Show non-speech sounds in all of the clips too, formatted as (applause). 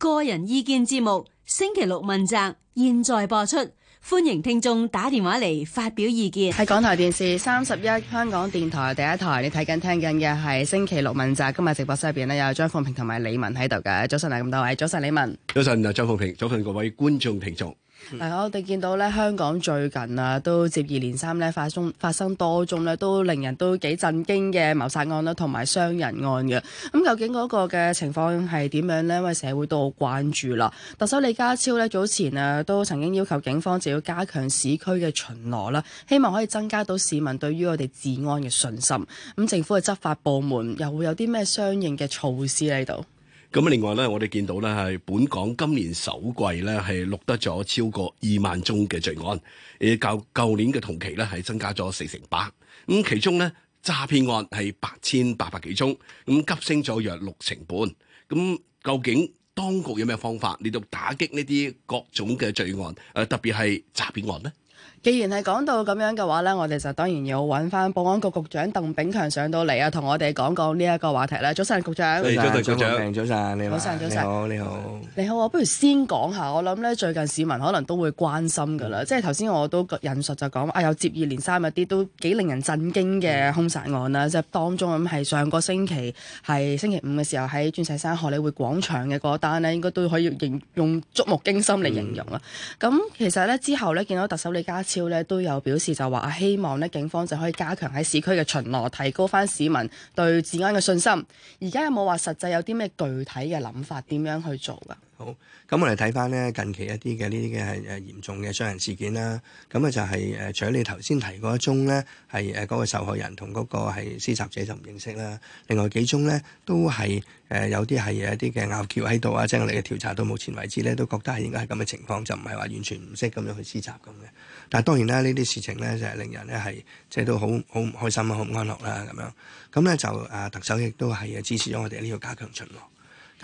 個人意見節目星期六問責，現在播出。歡迎聽眾打電話嚟發表意見。喺港台電視三十一，香港電台第一台，你睇緊聽緊嘅係星期六問責。今日直播室入邊咧有張鳳平同埋李文喺度嘅。早晨啊，咁多位。早晨李文，早晨啊，張鳳平，早晨各位觀眾聽眾。嗱、嗯，我哋見到咧，香港最近啊，都接二連三咧發生發生多宗咧，都令人都幾震驚嘅謀殺案啦，同埋傷人案嘅。咁、嗯、究竟嗰個嘅情況係點樣呢？因為社會都好關注啦。特首李家超呢，早前啊，都曾經要求警方就要加強市區嘅巡邏啦，希望可以增加到市民對於我哋治安嘅信心。咁、嗯、政府嘅執法部門又會有啲咩相應嘅措施喺度？另外，我哋見到本港今年首季咧錄得咗超過二萬宗嘅罪案，誒，舊年嘅同期係增加咗四成八。其中咧，詐騙案係八千八百幾宗，急升咗約六成半。究竟當局有咩方法嚟到打擊呢啲各種嘅罪案？特別係詐騙案呢？既然係講到咁樣嘅話咧，我哋就當然要揾翻保安局局長鄧炳強上到嚟啊，同我哋講講呢一個話題啦。早晨，局長。早晨，早晨，你好。早晨，早晨。好，你好。你好，我不如先講下，我諗咧最近市民可能都會關心噶啦，嗯、即係頭先我都引述就講啊，有接二連三一啲都幾令人震驚嘅兇殺案啦，嗯、即係當中咁係、嗯、上個星期係星期五嘅時候喺鑽石山荷里活廣場嘅嗰單呢，應該都可以用用觸目驚心嚟形容啦。咁、嗯、其實咧之後咧見到特首李家超咧都有表示就話啊，希望咧警方就可以加強喺市區嘅巡邏，提高翻市民對治安嘅信心。而家有冇話實際有啲咩具體嘅諗法，點樣去做噶？好，咁我哋睇翻咧近期一啲嘅呢啲嘅係誒嚴重嘅傷人事件啦。咁啊就係誒除咗你頭先提過一宗呢，係誒嗰個受害人同嗰個係施襲者就唔認識啦。另外幾宗呢，都係誒有啲係一啲嘅拗撬喺度啊。即係我哋嘅調查到目前為止呢，都覺得係應該係咁嘅情況，就唔係話完全唔識咁樣去施襲咁嘅。但當然啦，呢啲事情咧就係令人咧係即係都好好唔開心啊，好唔安樂啦咁樣。咁咧就啊特首亦都係支持咗我哋呢個加強巡邏。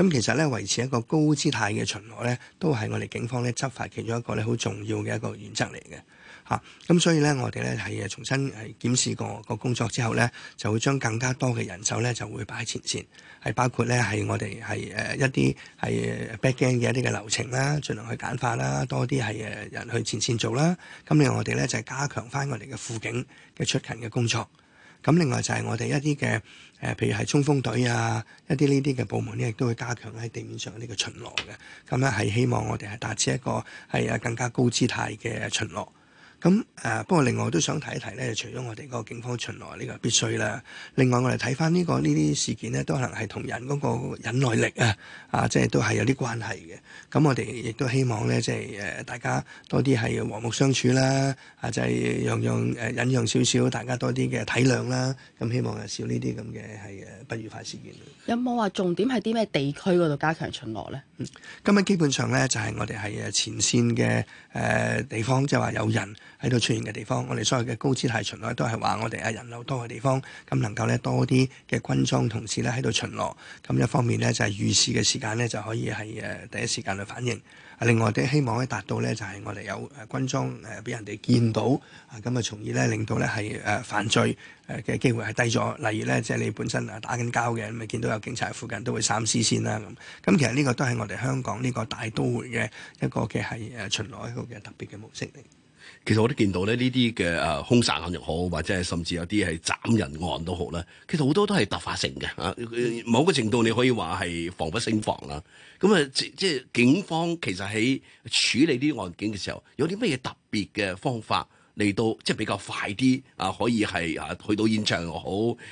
咁其實咧維持一個高姿態嘅巡邏咧，都係我哋警方咧執法其中一個咧好重要嘅一個原則嚟嘅。嚇咁，啊、所以咧，我哋咧係重新係檢視過個工作之後咧，就會將更加多嘅人手咧就會擺喺前線，係包括咧係我哋係誒一啲係 back 嘅一啲嘅流程啦，儘量去簡化啦，多啲係誒人去前線做啦。咁、啊、另外我哋咧就係、是、加強翻我哋嘅輔警嘅出勤嘅工作。咁、啊、另外就係我哋一啲嘅誒，譬如係衝鋒隊啊，一啲呢啲嘅部門咧，都會加強喺地面上呢個巡邏嘅。咁咧係希望我哋係達至一個係啊更加高姿態嘅巡邏。咁誒，不過、啊、另外都想提一提咧，除咗我哋個警方巡邏呢個必須啦，另外我哋睇翻呢個呢啲事件咧，都可能係同人嗰個忍耐力啊，啊，即係都係有啲關係嘅。咁、啊嗯、我哋亦都希望咧，即係誒大家多啲係和睦相處啦，啊，就係樣樣誒忍讓少少，大家多啲嘅體諒啦。咁、啊、希望少呢啲咁嘅係誒不愉快事件。有冇話重點係啲咩地區嗰度加強巡邏咧？嗯，今日、嗯、基本上咧就係、是、我哋係誒前線嘅誒地方，即係話有人，呃呃呃喺度出現嘅地方，我哋所謂嘅高姿態巡邏都係話，我哋啊人流多嘅地方咁，能夠咧多啲嘅軍裝同事咧喺度巡邏咁，一方面咧就係遇事嘅時間咧就可以係誒第一時間去反應。啊，另外啲希望咧達到咧就係我哋有誒軍裝誒俾人哋見到啊，咁啊，從而咧令到咧係誒犯罪誒嘅機會係低咗。例如咧，即係你本身啊打緊交嘅，咪見到有警察喺附近都會三思先啦。咁咁，其實呢個都係我哋香港呢個大都會嘅一個嘅係誒巡邏一個嘅特別嘅模式嚟。其實我都見到咧呢啲嘅啊，兇殺案又好，或者係甚至有啲係斬人案都好啦。其實好多都係突發性嘅啊，某個程度你可以話係防不勝防啦。咁啊，即係警方其實喺處理呢啲案件嘅時候，有啲乜嘢特別嘅方法？嚟到即係比較快啲啊，可以係啊去到現場又好，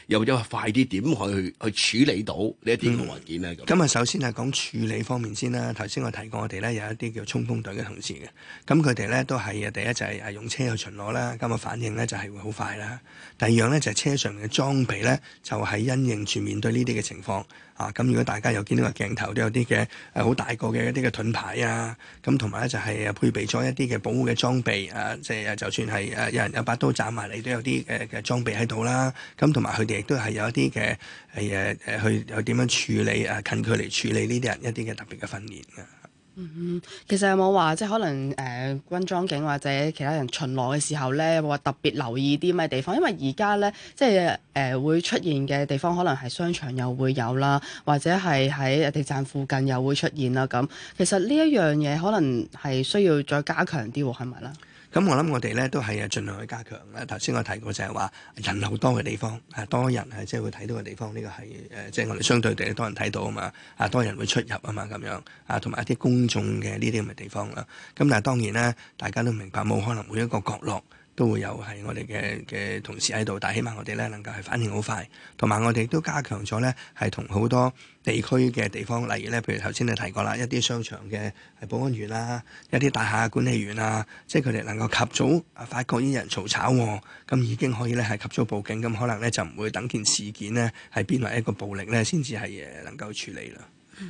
又或者快啲點去去處理到呢一啲嘅文件咧咁。咁啊、嗯嗯，首先係講處理方面先啦。頭先我提過，我哋咧有一啲叫衝鋒隊嘅同事嘅，咁佢哋咧都係啊第一就係、是、啊用車去巡邏啦，咁、那、嘅、個、反應咧就係會好快啦。第二樣咧就係、是、車上面嘅裝備咧，就係因應住面對呢啲嘅情況。啊，咁如果大家又見到個鏡頭，都有啲嘅誒好大個嘅一啲嘅盾牌啊，咁同埋咧就係配備咗一啲嘅保護嘅裝備啊，即、啊、係就算係誒有人有把刀斬埋嚟，都有啲誒嘅裝備喺度啦。咁同埋佢哋亦都係有一啲嘅係誒誒去又點樣處理啊近距離處理呢啲人一啲嘅特別嘅訓練嘅、啊。嗯，其實有冇話即係可能誒、呃、軍裝警或者其他人巡邏嘅時候咧，有冇話特別留意啲咩地方？因為而家咧即係誒、呃、會出現嘅地方，可能係商場又會有啦，或者係喺地鐵站附近又會出現啦。咁其實呢一樣嘢可能係需要再加強啲喎，係咪啦？咁、嗯、我諗我哋咧都係啊，儘量去加強啊。頭先我提過就係話人流多嘅地方啊，多人啊，即係會睇到嘅地方，呢個係誒，即、呃、係、就係、我哋相對地多人睇到啊嘛，啊多人會出入啊嘛，咁樣啊，同埋一啲公眾嘅呢啲咁嘅地方啦。咁、嗯、但係當然啦，大家都明白冇可能每一個角落，都會有係我哋嘅嘅同事喺度，但係起碼我哋咧能夠係反應好快，同埋我哋都加強咗咧係同好多地區嘅地方，例如咧，譬如頭先你提過啦，一啲商場嘅保安員啦，一啲大廈嘅管理員啊，即係佢哋能夠及早發覺呢人嘈吵炒，咁、嗯、已經可以咧係及早報警，咁、嗯、可能咧就唔會等件事件呢係變為一個暴力咧先至係能夠處理啦。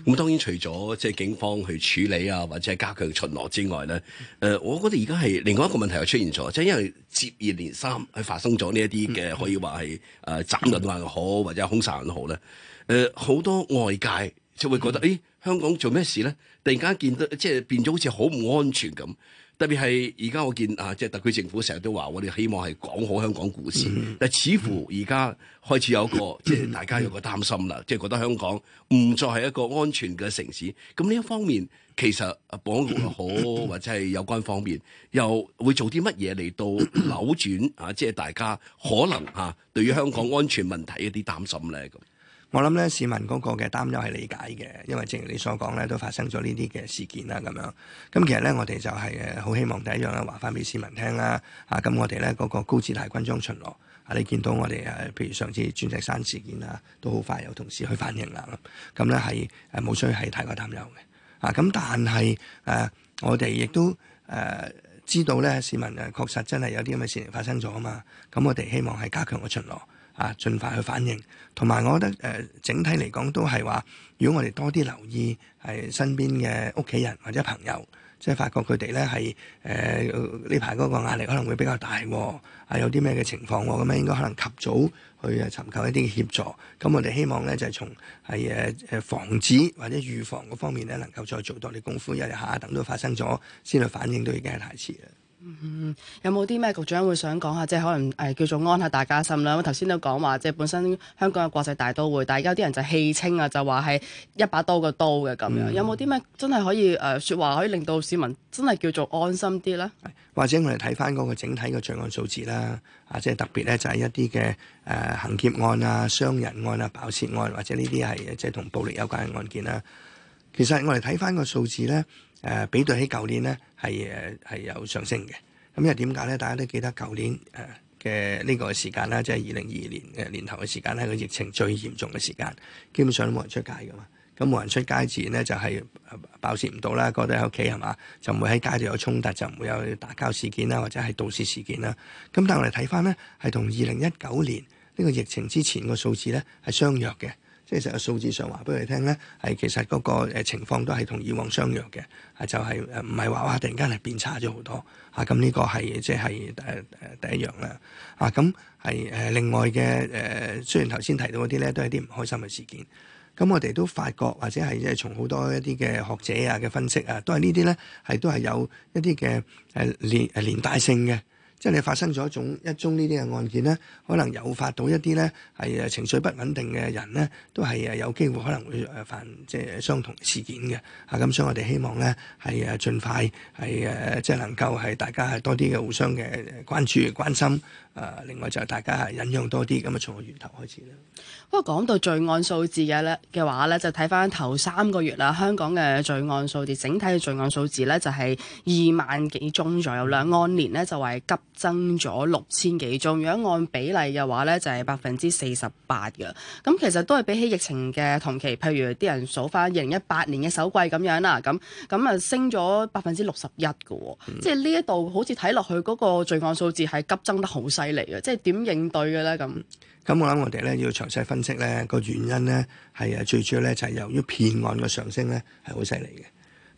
咁當然除咗即係警方去處理啊，或者加強巡邏之外咧，誒、呃，我覺得而家係另外一個問題又出現咗，即係因為接二連三係發生咗呢一啲嘅可以話係誒斬人又好，或者兇殺人又好咧，誒、呃，好多外界就會覺得，誒、哎，香港做咩事咧？突然間見到即係變咗好似好唔安全咁。特別係而家我見啊，即係特區政府成日都話，我哋希望係講好香港故事。 (coughs) 但似乎而家開始有個即係大家有個擔心啦，即係覺得香港唔再係一個安全嘅城市。咁呢一方面其實啊，保安局又好，或者係有關方面又會做啲乜嘢嚟到扭轉啊，即係大家可能嚇、啊、對於香港安全問題一啲擔心咧咁。我諗咧，市民嗰個嘅擔憂係理解嘅，因為正如你所講咧，都發生咗呢啲嘅事件啦，咁樣。咁其實咧，我哋就係誒好希望第一樣咧，話翻俾市民聽啦。啊，咁我哋咧嗰個高姿態軍裝巡邏，啊，你見到我哋誒，譬如上次鑽石山事件啊，都好快有同事去反映啦。咁咧係誒冇需要係太過擔憂嘅。啊，咁但係誒、啊，我哋亦都誒、啊、知道咧，市民誒確實真係有啲咁嘅事情發生咗啊嘛。咁我哋希望係加強個巡邏。啊，盡快去反應，同埋我覺得誒、呃、整體嚟講都係話，如果我哋多啲留意係身邊嘅屋企人或者朋友，即、就、係、是、發覺佢哋咧係誒呢排嗰、呃、個壓力可能會比較大，係、啊、有啲咩嘅情況咁樣、啊，應該可能及早去尋求一啲協助。咁、嗯、我哋希望咧就係、是、從係誒誒防止或者預防嗰方面咧，能夠再做多啲功夫。因為下下等都發生咗，先去反應都已經係太遲啦。嗯，有冇啲咩局長會想講下，即係可能誒、哎、叫做安下大家心啦。我頭先都講話，即係本身香港嘅國際大都會，但係有啲人就戲稱啊，就話係一把刀嘅刀嘅咁樣。嗯、有冇啲咩真係可以誒説、呃、話可以令到市民真係叫做安心啲咧？或者我哋睇翻嗰個整體嘅罪案數字啦、啊，啊，即係特別呢，就係一啲嘅誒行劫案啊、傷人案啊、爆竊案或者呢啲係即係同暴力有關嘅案件啦、啊。其實我哋睇翻個數字呢。啊誒比對起舊年咧，係誒係有上升嘅。咁又點解咧？大家都記得舊年誒嘅呢個時間啦，即係二零二二年嘅年頭嘅時間，係個疫情最嚴重嘅時間，基本上都冇人出街噶嘛。咁冇人出街自然咧就係爆竊唔到啦，覺得喺屋企係嘛，就唔會喺街度有衝突，就唔會有打交事件啦，或者係盜竊事件啦。咁但係我哋睇翻咧，係同二零一九年呢個疫情之前個數字咧係相若嘅。其實數字上話俾你聽咧，係其實嗰個情況都係同以往相若嘅，係就係誒唔係話話突然間係變差咗好多嚇。咁呢個係即係誒誒第一樣啦。啊，咁係誒另外嘅誒，雖然頭先提到嗰啲咧都係啲唔開心嘅事件。咁我哋都發覺或者係即係從好多一啲嘅學者啊嘅分析啊，都係呢啲咧係都係有一啲嘅誒連誒連帶性嘅。即係你發生咗一種一宗呢啲嘅案件咧，可能誘發到一啲咧係情緒不穩定嘅人咧，都係誒有機會可能會誒犯即係相同事件嘅。啊，咁所以我哋希望咧係誒儘快係誒即係能夠係大家係多啲嘅互相嘅關注關心。誒，另外就大家係忍讓多啲，咁啊從個源頭開始啦。不過講到罪案數字嘅咧嘅話咧，就睇翻頭三個月啦，香港嘅罪案數字，整體嘅罪案數字咧就係二萬幾宗左右啦。按年咧就係急增咗六千幾宗，如果按比例嘅話咧就係百分之四十八嘅。咁其實都係比起疫情嘅同期，譬如啲人數翻二零一八年嘅首季咁樣啦，咁咁啊升咗百分之六十一㗎喎。嗯、即係呢一度好似睇落去嗰個罪案數字係急增得好犀利嘅，即係點應對嘅咧咁？嗯咁我諗我哋咧要詳細分析咧個原因咧，係啊最主要咧就係由於騙案個上升咧係好犀利嘅，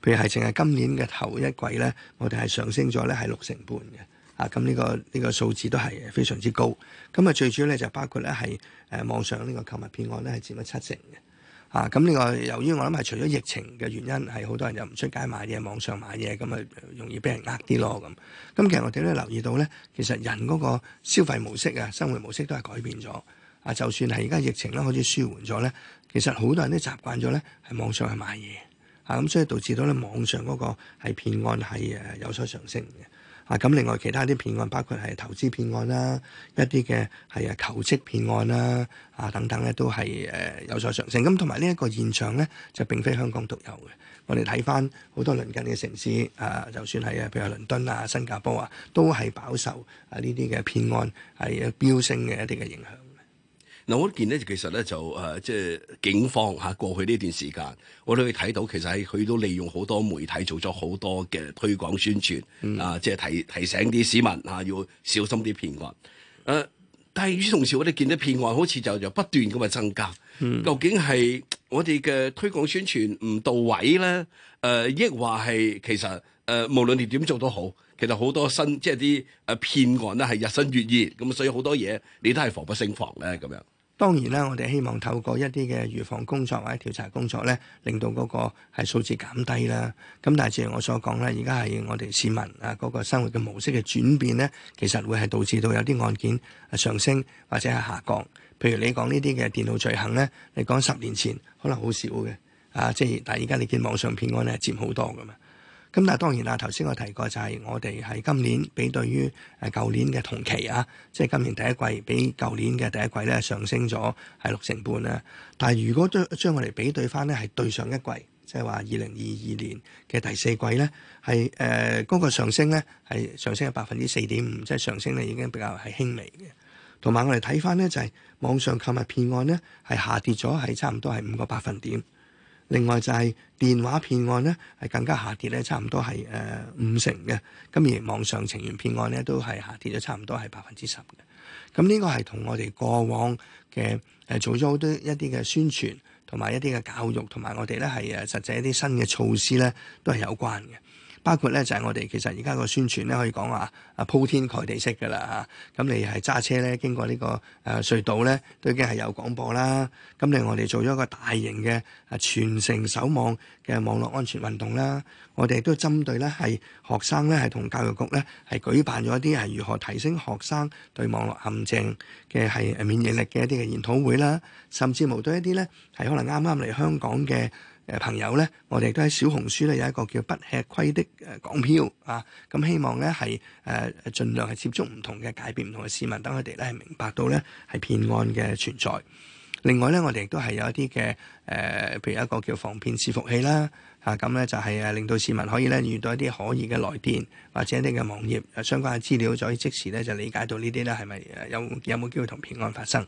譬如係淨係今年嘅頭一季咧，我哋係上升咗咧係六成半嘅，啊咁呢、個呢個數字都係非常之高。咁啊最主要咧就包括咧係誒網上呢個購物騙案咧係佔咗七成嘅。啊，咁呢個由於我諗係除咗疫情嘅原因係好多人又唔出街買嘢，網上買嘢咁咪容易俾人呃啲咯咁。咁其實我哋都留意到咧，其實人嗰個消費模式啊，生活模式都係改變咗。啊，就算係而家疫情啦，開始舒緩咗咧，其實好多人都習慣咗咧喺網上去買嘢。啊，咁所以導致到咧網上嗰個係騙案係誒有所上升嘅。啊！咁另外其他啲騙案，包括係投資騙案啦，一啲嘅係啊求職騙案啦，啊等等咧都係誒有所上升。咁同埋呢一個現象咧，就並非香港獨有嘅。我哋睇翻好多鄰近嘅城市啊，就算係啊，譬如倫敦啊、新加坡啊，都係飽受啊呢啲嘅騙案係飆升嘅一啲嘅影響。嗱，我見咧其實咧就誒，即係警方嚇過去呢段時間，我哋會睇到其實佢都利用好多媒體做咗好多嘅推廣宣傳，嗯、啊，即係提提醒啲市民嚇、啊、要小心啲騙案。誒、啊，但係與同時，我哋見到騙案好似就又不斷咁嘅增加。嗯、究竟係我哋嘅推廣宣傳唔到位咧？誒、啊，亦話係其實誒、啊，無論你點做都好，其實好多新即係啲誒騙案咧係日新月異，咁所以好多嘢你都係防不勝防咧咁樣。當然啦，我哋希望透過一啲嘅預防工作或者調查工作咧，令到嗰個係數字減低啦。咁但係正如我所講咧，而家係我哋市民啊嗰個生活嘅模式嘅轉變咧，其實會係導致到有啲案件上升或者係下降。譬如你講呢啲嘅電腦罪行咧，你講十年前可能好少嘅啊，即係但係而家你見網上騙案咧，佔好多噶嘛。咁但係當然啦、啊，頭先我提過就係我哋喺今年比對於誒舊年嘅同期啊，即係今年第一季比舊年嘅第一季咧，上升咗係六成半啊。但係如果將將我哋比對翻咧，係對上一季，即係話二零二二年嘅第四季咧，係誒嗰個上升咧係上升咗百分之四點五，即係上升咧已經比較係輕微嘅。同埋我哋睇翻咧就係、是、網上購物騙案咧係下跌咗係差唔多係五個百分點。另外就係電話騙案咧，係更加下跌咧，差唔多係誒五成嘅。咁而網上情緣騙案咧，都係下跌咗，差唔多係百分之十嘅。咁呢個係同我哋過往嘅誒做咗好多一啲嘅宣傳，同埋一啲嘅教育，同埋我哋咧係誒實際一啲新嘅措施咧，都係有關嘅。包括咧就係我哋其實而家個宣傳咧，可以講話啊鋪天蓋地式噶啦。咁你係揸車咧經過呢個誒隧道咧，都已經係有廣播啦。咁你我哋做咗一個大型嘅啊全城守望嘅網絡安全運動啦，我哋都針對咧係學生咧係同教育局咧係舉辦咗一啲係如何提升學生對網絡陷阱嘅係免疫力嘅一啲嘅研討會啦，甚至無對一啲咧係可能啱啱嚟香港嘅。誒朋友咧，我哋都喺小紅書咧有一個叫不吃虧的誒港漂啊，咁、啊、希望咧係誒盡量係接觸唔同嘅界別、唔同嘅市民，等佢哋咧係明白到咧係騙案嘅存在。另外咧，我哋亦都係有一啲嘅誒，譬、啊、如一個叫防騙視伺器啦，吓咁咧就係、是、誒令到市民可以咧遇到一啲可疑嘅來電或者一啲嘅網頁相關嘅資料，可以即時咧就理解到呢啲咧係咪有有冇機會同騙案發生。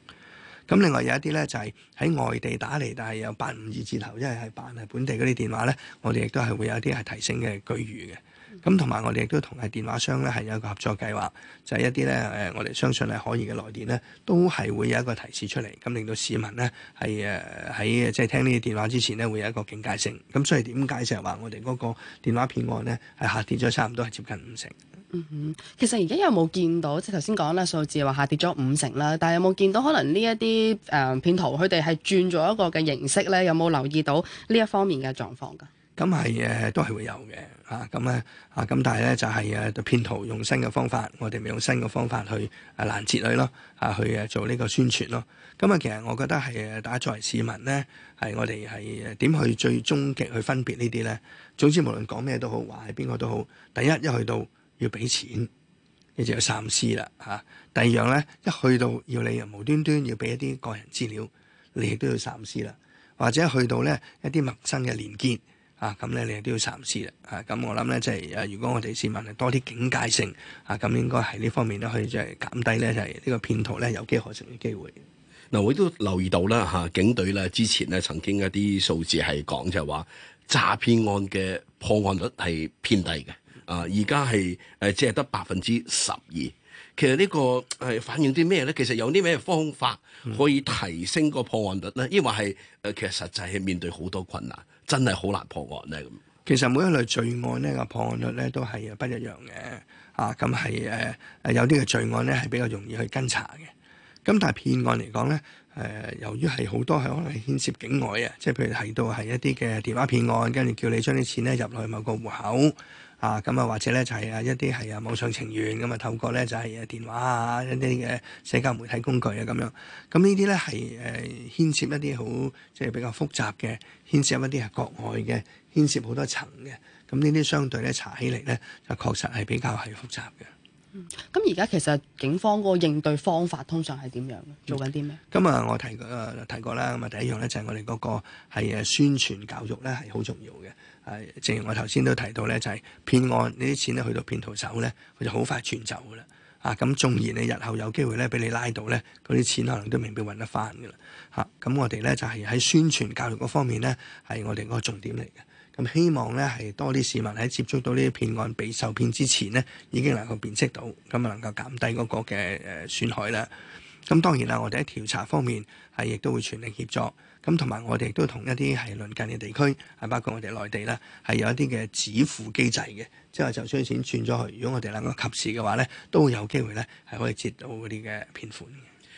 咁另外有一啲咧就係、是、喺外地打嚟，但係有八五二字頭，因係係扮係本地嗰啲電話咧，我哋亦都係會有一啲係提醒嘅句語嘅。咁同埋我哋亦都同係電話商咧係有一個合作計劃，就係、是、一啲咧誒，我哋相信係可疑嘅來電咧，都係會有一個提示出嚟，咁令到市民咧係誒喺即係聽呢啲電話之前咧會有一個警戒性。咁所以點解成日話我哋嗰個電話騙案咧係下跌咗差唔多係接近五成？嗯哼，其實而家有冇見到即係頭先講啦，數字話下跌咗五成啦，但係有冇見到可能呢一啲誒騙徒佢哋係轉咗一個嘅形式咧？有冇留意到呢一方面嘅狀況㗎？咁係誒，都係會有嘅啊。咁咧啊，咁、啊啊、但係咧就係、是、誒、啊，騙徒用新嘅方法，我哋咪用新嘅方法去誒攔截佢咯，啊，啊去誒做呢個宣傳咯。咁啊，啊，其實我覺得係大家作為市民咧，係我哋係點去最終極去分別呢啲咧。總之無論講咩都好，話係邊個都好，第一一去到，要俾錢，你就要三思啦嚇、啊。第二樣咧，一去到要你又無端端要俾一啲個人資料，你亦都要三思啦。或者去到咧一啲陌生嘅連結啊，咁咧你亦都要三思啦。啊，咁我諗咧即係誒，如果我哋市民係多啲警戒性啊，咁應該喺呢方面咧去即係減低咧就係、是、呢個騙徒咧有機可乘嘅機會。嗱，我亦都留意到啦嚇，警隊啦之前咧曾經一啲數字係講就係話詐騙案嘅破案率係偏低嘅。啊！而家係誒，只係得百分之十二。其實呢個係反映啲咩咧？其實有啲咩方法可以提升個破案率咧？抑或係誒，其實實際係面對好多困難，真係好難破案咧咁。其實每一類罪案呢個破案率咧都係不一樣嘅。啊，咁係誒誒，有啲嘅罪案咧係比較容易去跟查嘅。咁但係騙案嚟講咧，誒、呃、由於係好多係可能牽涉境外啊，即係譬如提到係一啲嘅電話騙案，跟住叫你將啲錢咧入去某個戶口。啊，咁啊，或者咧就係啊一啲係啊網上情緣咁啊，透過咧就係啊電話啊一啲嘅社交媒體工具啊咁樣，咁呢啲咧係誒牽涉一啲好即係比較複雜嘅，牽涉一啲係國外嘅，牽涉好多層嘅，咁呢啲相對咧查起嚟咧就確實係比較係複雜嘅。嗯，咁而家其實警方嗰個應對方法通常係點樣？做緊啲咩？咁啊、嗯，我提過、呃、提過啦。咁啊，第一樣咧就係我哋嗰個係宣傳教育咧係好重要嘅。誒，正如我頭先都提到咧，就係、是、騙案呢啲錢咧，去到騙徒手咧，佢就好快轉走噶啦。啊，咁縱然你日後有機會咧，俾你拉到咧，嗰啲錢可能都未必揾得翻噶啦。嚇、啊，咁我哋咧就係、是、喺宣傳教育嗰方面咧，係我哋嗰個重點嚟嘅。咁、啊、希望咧係多啲市民喺接觸到呢啲騙案被受騙之前咧，已經能夠辨識到，咁、呃、啊能夠減低嗰個嘅誒損害啦。咁當然啦，我哋喺調查方面係亦、啊、都會全力協助。咁同埋我哋都同一啲係鄰近嘅地區，係包括我哋內地咧，係有一啲嘅止付機制嘅，之後就將啲錢轉咗去。如果我哋能夠及時嘅話咧，都會有機會咧係可以接到嗰啲嘅騙款。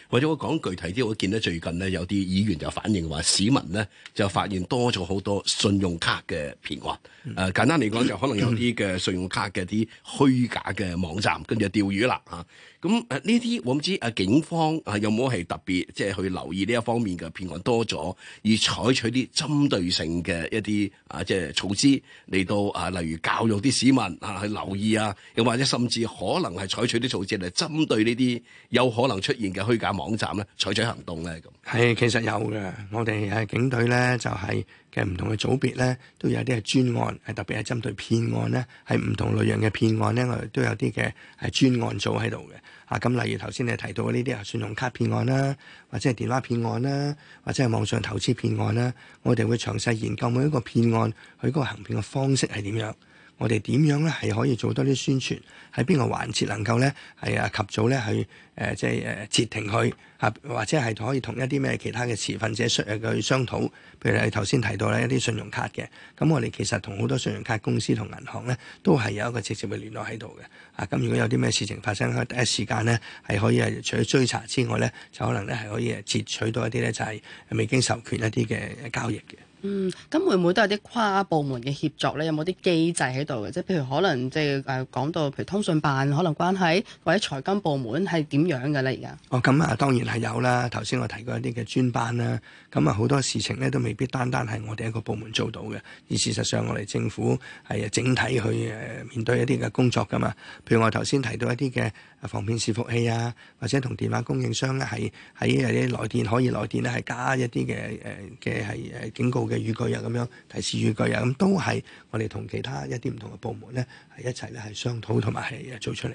或者我講具體啲，我見到最近呢有啲議員就反映話，市民咧就發現多咗好多信用卡嘅騙案。誒、嗯，簡單嚟講就可能有啲嘅信用卡嘅啲虛假嘅網站，跟住釣魚啦嚇。啊。咁誒呢啲，我唔知阿警方啊有冇係特別即係去留意呢一方面嘅騙案多咗，而採取啲針對性嘅一啲啊即係措施嚟到啊，例如教育啲市民啊去留意啊，又或者甚至可能係採取啲措施嚟針對呢啲有可能出現嘅虛假網站咧，採取行動咧咁。係，其實有嘅，我哋係警隊咧，就係嘅唔同嘅組別咧，都有啲係專案，係特別係針對騙案咧，係唔同類型嘅騙案咧，我哋都有啲嘅係專案組喺度嘅。啊，咁例如頭先你提到嘅呢啲啊，信用卡騙案啦，或者係電話騙案啦，或者係網上投資騙案啦，我哋會詳細研究每一個騙案佢嗰個行騙嘅方式係點樣。我哋點樣咧係可以做多啲宣傳？喺邊個環節能夠咧係啊及早咧去誒、呃，即係誒截停佢啊，或者係可以同一啲咩其他嘅持份者説去、呃、去商討。譬如你頭先提到咧一啲信用卡嘅，咁我哋其實同好多信用卡公司同銀行咧都係有一個直接嘅聯絡喺度嘅。啊，咁如果有啲咩事情發生咧，第一時間咧係可以係除咗追查之外咧，就可能咧係可以截取到一啲咧就係、係、未經授權一啲嘅交易嘅。嗯，咁會唔會都有啲跨部門嘅協作咧？有冇啲機制喺度嘅？即係譬如可能即係誒、啊、講到，譬如通訊辦可能關係或者財金部門係點樣嘅咧？而家哦，咁、嗯、啊當然係有啦。頭先我提過一啲嘅專班啦，咁啊好多事情咧都未必單單係我哋一個部門做到嘅。而事實上，我哋政府係整體去誒面對一啲嘅工作噶嘛。譬如我頭先提到一啲嘅防騙伺服器啊，或者同電話供應商咧、啊，係喺啲來電可以來電咧，係加一啲嘅誒嘅係誒警告嘅語句啊，咁樣提示語句啊，咁都係我哋同其他一啲唔同嘅部門咧，係一齊咧係商討同埋係做出嚟。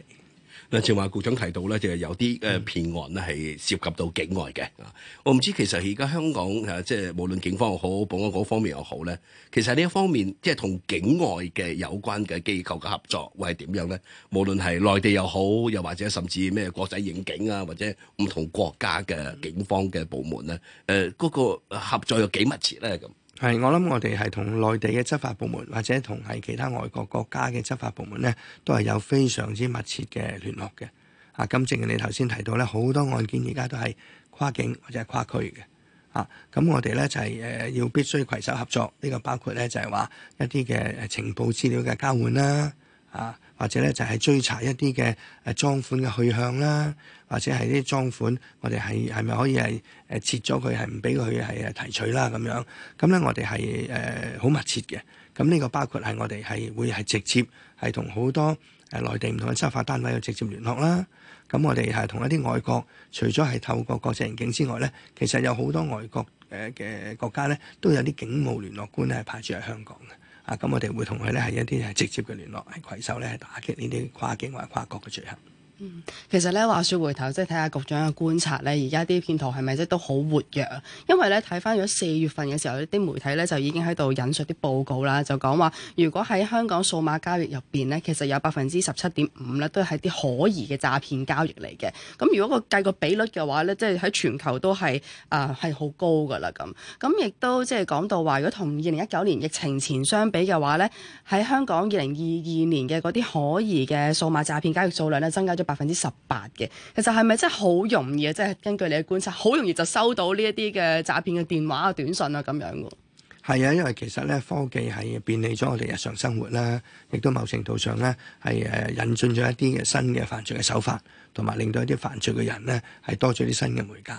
嗱，正如局長提到咧，就係、是、有啲誒騙案咧，係、呃、涉及到境外嘅啊。我唔知其實而家香港誒、呃，即係無論警方又好，保安嗰方面又好咧，其實呢一方面即係同境外嘅有關嘅機構嘅合作，會係點樣咧？無論係內地又好，又或者甚至咩國際刑警啊，或者唔同國家嘅警方嘅部門咧，誒、呃、嗰、那個合作有幾密切咧？咁。係，我諗我哋係同內地嘅執法部門，或者同係其他外國國家嘅執法部門咧，都係有非常之密切嘅聯絡嘅。啊，咁正如你頭先提到咧，好多案件而家都係跨境或者係跨區嘅。啊，咁我哋咧就係、是、誒要必須攜手合作，呢、呢個包括咧就係話一啲嘅情報資料嘅交換啦。啊，或者咧就係追查一啲嘅誒贓款嘅去向啦，或者係啲贓款，我哋係係咪可以係誒撤咗佢係唔俾佢係提取啦咁樣？咁咧我哋係誒好密切嘅。咁呢個包括係我哋係會係直接係同好多誒、呃、內地唔同嘅執法單位去直接聯絡啦。咁我哋係同一啲外國，除咗係透過國際刑警之外咧，其實有好多外國誒嘅、呃、國家咧都有啲警務聯絡官咧係派駐喺香港嘅。啊！咁我哋會同佢咧係一啲係直接嘅聯絡，係攜手咧係打擊呢啲跨境或者跨國嘅罪行。嗯，其實咧話説回頭，即係睇下局長嘅觀察咧，而家啲騙徒係咪即係都好活躍啊，因為咧睇翻咗四月份嘅時候，啲媒體咧就已經喺度引述啲報告啦，就講話如果喺香港數碼交易入邊咧，其實有百分之十七點五咧都係啲可疑嘅詐騙交易嚟嘅。咁如果個計個比率嘅話咧，即係喺全球都係啊係好高噶啦咁。咁亦都即係講到話如果同二零一九年疫情前相比嘅話咧，喺香港二零二二年嘅嗰啲可疑嘅數碼詐騙交易數量咧增加咗。百分之十八嘅，其實係咪真係好容易啊？即係根據你嘅觀察，好容易就收到呢一啲嘅詐騙嘅電話啊、短信啊咁樣嘅。係啊，因為其實咧科技係便利咗我哋日常生活啦，亦都某程度上咧係誒引進咗一啲嘅新嘅犯罪嘅手法，同埋令到一啲犯罪嘅人咧係多咗啲新嘅媒介。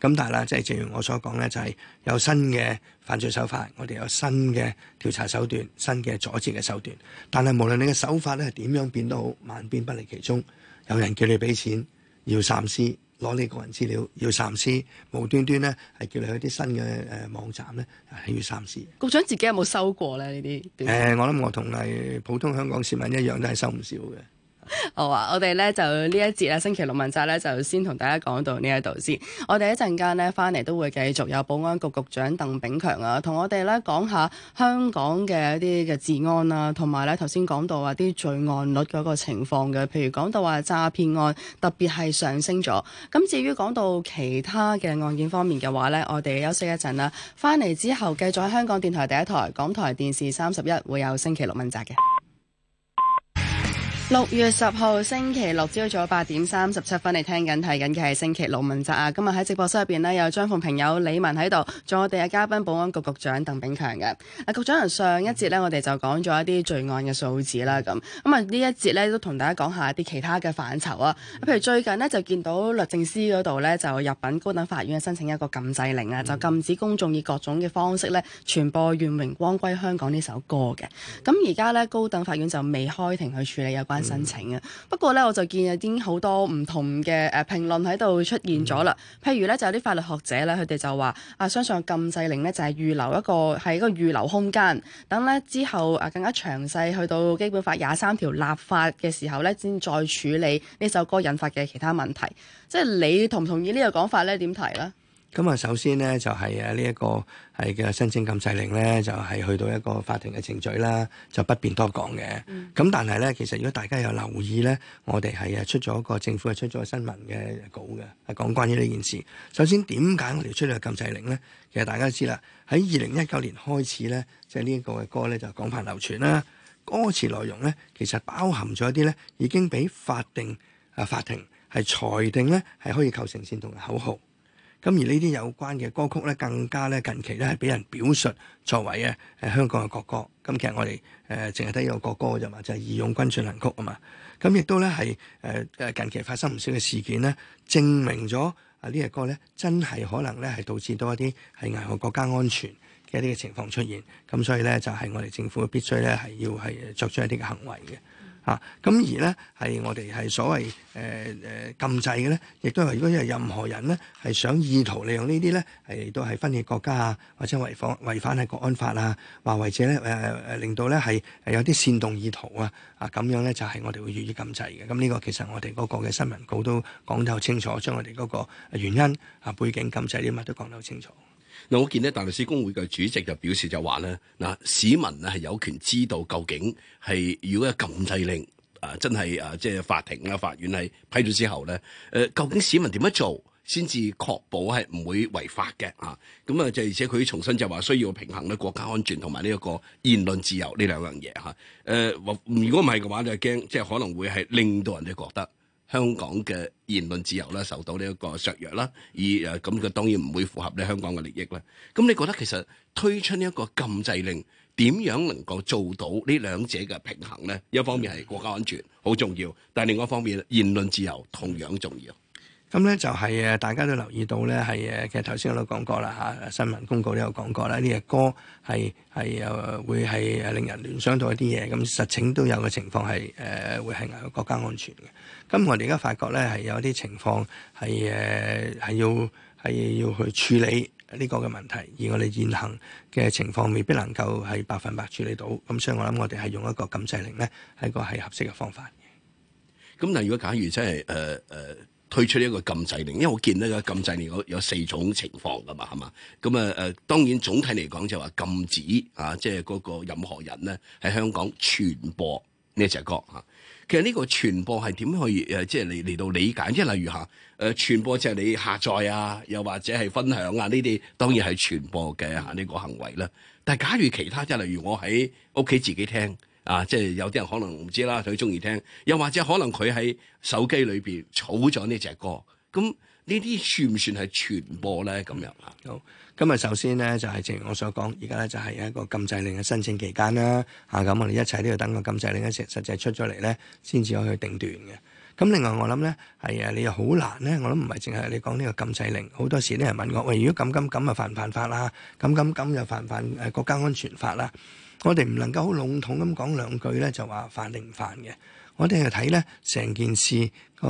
咁但係啦，即係正如我所講咧，就係有新嘅犯罪手法，我哋有新嘅調查手段、新嘅阻截嘅手段。但係無論你嘅手法咧係點樣變都好，萬變不離其中。有人叫你畀錢，要三思；攞你個人資料，要三思；無端端咧係叫你去啲新嘅誒網站咧，係、呃、要三思。局長自己有冇收過咧？呢啲誒，我諗我同係普通香港市民一樣，都係收唔少嘅。 (laughs) 好啊，我哋咧就呢一節咧星期六問責咧就先同大家講到呢一度先，我哋一陣間呢翻嚟都會繼續有保安局局長鄧炳強啊，同我哋咧講下香港嘅一啲嘅治安啊，同埋咧頭先講到話啲罪案率嗰個情況嘅，譬如講到話詐騙案特別係上升咗。咁至於講到其他嘅案件方面嘅話呢，我哋休息一陣啦，翻嚟之後繼續喺香港電台第一台、港台電視三十一會有星期六問責嘅。六月十號星期六朝早八點三十七分，你聽緊睇緊嘅係星期六問責啊！今日喺直播室入邊呢，有張鳳平有李文喺度，仲有我哋嘅嘉賓保安局局長鄧炳強嘅。啊，局長人上一節呢，我哋就講咗一啲罪案嘅數字啦，咁咁啊呢一節呢，都同大家講下一啲其他嘅範疇啊，譬如最近呢，就見到律政司嗰度呢，就入禀高等法院申請一個禁制令啊，就禁止公眾以各種嘅方式呢傳播《願榮光歸香港》呢首歌嘅。咁而家呢，高等法院就未開庭去處理有關申請嘅，嗯、不過咧，我就見已經好多唔同嘅，誒評論喺度出現咗啦。譬如咧，就有啲法律學者咧，佢哋就話啊，相信禁制令咧就係預留一個係一個預留空間，等咧之後誒更加詳細去到基本法廿三條立法嘅時候咧，先再處理呢首歌引發嘅其他問題。即係你同唔同意個呢個講法咧？點睇咧？咁啊，首先咧就係啊，呢一個係嘅申請禁制令咧，就係去到一個法庭嘅程序啦，就不便多講嘅。咁但係咧，其實如果大家有留意咧，我哋係啊出咗個政府係出咗個新聞嘅稿嘅，係講關於呢件事。首先點解我哋要出呢個禁制令咧？其實大家都知啦，喺二零一九年開始咧，即係呢一個嘅歌咧就廣泛流傳啦。歌詞內容咧其實包含咗一啲咧已經俾法定啊法庭係裁定咧係可以構成煽動嘅口號。咁而呢啲有關嘅歌曲咧，更加咧近期咧係俾人表述作為啊，香港嘅國歌。咁其實我哋誒淨係得一個國歌啫嘛，就係義勇軍進行曲啊嘛。咁亦都咧係誒誒近期發生唔少嘅事件咧，證明咗啊呢隻歌咧真係可能咧係導致到一啲係危害國家安全嘅一啲嘅情況出現。咁所以咧就係我哋政府必須咧係要係作出一啲嘅行為嘅。啊！咁而咧係我哋係所謂誒誒、呃呃、禁制嘅咧，亦都係如果係任何人咧係想意圖利用呢啲咧，係都係分裂國家啊，或者違反違反係國安法啊，或或者咧誒誒令到咧係有啲煽動意圖啊啊咁、啊、樣咧就係、是、我哋會予以禁制嘅。咁、嗯、呢、呢個其實我哋嗰個嘅新聞稿都講得好清楚，將我哋嗰個原因啊背景禁制啲乜都講得好清楚。我見咧大律師公會嘅主席就表示就話咧，嗱、啊、市民咧係有權知道究竟係如果係禁制令啊，真係啊即係法庭啊法院係批咗之後咧，誒、啊、究竟市民點樣做先至確保係唔會違法嘅啊？咁啊就而且佢重新就話需要平衡咧國家安全同埋呢一個言論自由呢兩樣嘢嚇誒，如果唔係嘅話就驚即係可能會係令到人哋覺得。香港嘅言論自由咧受到呢一個削弱啦，而誒咁佢當然唔會符合呢香港嘅利益啦。咁你覺得其實推出呢一個禁制令，點樣能夠做到呢兩者嘅平衡呢？一方面係國家安全好重要，但係另外一方面言論自由同樣重要。咁咧就係誒，大家都留意到咧，係誒，其實頭先我都講過啦嚇，新聞公告都有講過啦，呢隻歌係係誒會係誒令人聯想到一啲嘢，咁實情都有嘅情況係誒會係危害國家安全嘅。咁我哋而家發覺咧係有啲情況係誒係要係要去處理呢個嘅問題，而我哋現行嘅情況未必能夠係百分百處理到，咁所以我諗我哋係用一個禁制令咧係一個係合適嘅方法。咁但係如果假如真係誒誒？推出一個禁制令，因為我見咧個禁制令有四種情況噶嘛，係嘛？咁啊誒，當然總體嚟講就話禁止啊，即係嗰個任何人咧喺香港傳播呢隻歌嚇、啊。其實呢個傳播係點樣可以誒？即係嚟嚟到理解，即係例如嚇誒、啊、傳播即係你下載啊，又或者係分享啊呢啲，當然係傳播嘅嚇呢個行為啦。但係假如其他即係例如我喺屋企自己聽。啊，即係有啲人可能唔知啦，佢中意聽，又或者可能佢喺手機裏邊儲咗呢隻歌，咁呢啲算唔算係傳播咧？咁又啊，嗯嗯、好，今日首先咧就係、是、正如我所講，而家咧就係一個禁制令嘅申請期間啦。吓、啊，咁我哋一齊都要等個禁制令一實實際出咗嚟咧，先至可以去定斷嘅。咁、嗯、另外我諗咧，係啊，你又好難咧，我諗唔係淨係你講呢個禁制令，好多時啲人問我喂，如果咁咁咁啊犯唔犯法啦？咁咁咁又犯唔犯誒國家安全法啦？我哋唔能夠好籠統咁講兩句咧，就話犯定唔犯嘅。我哋係睇咧成件事個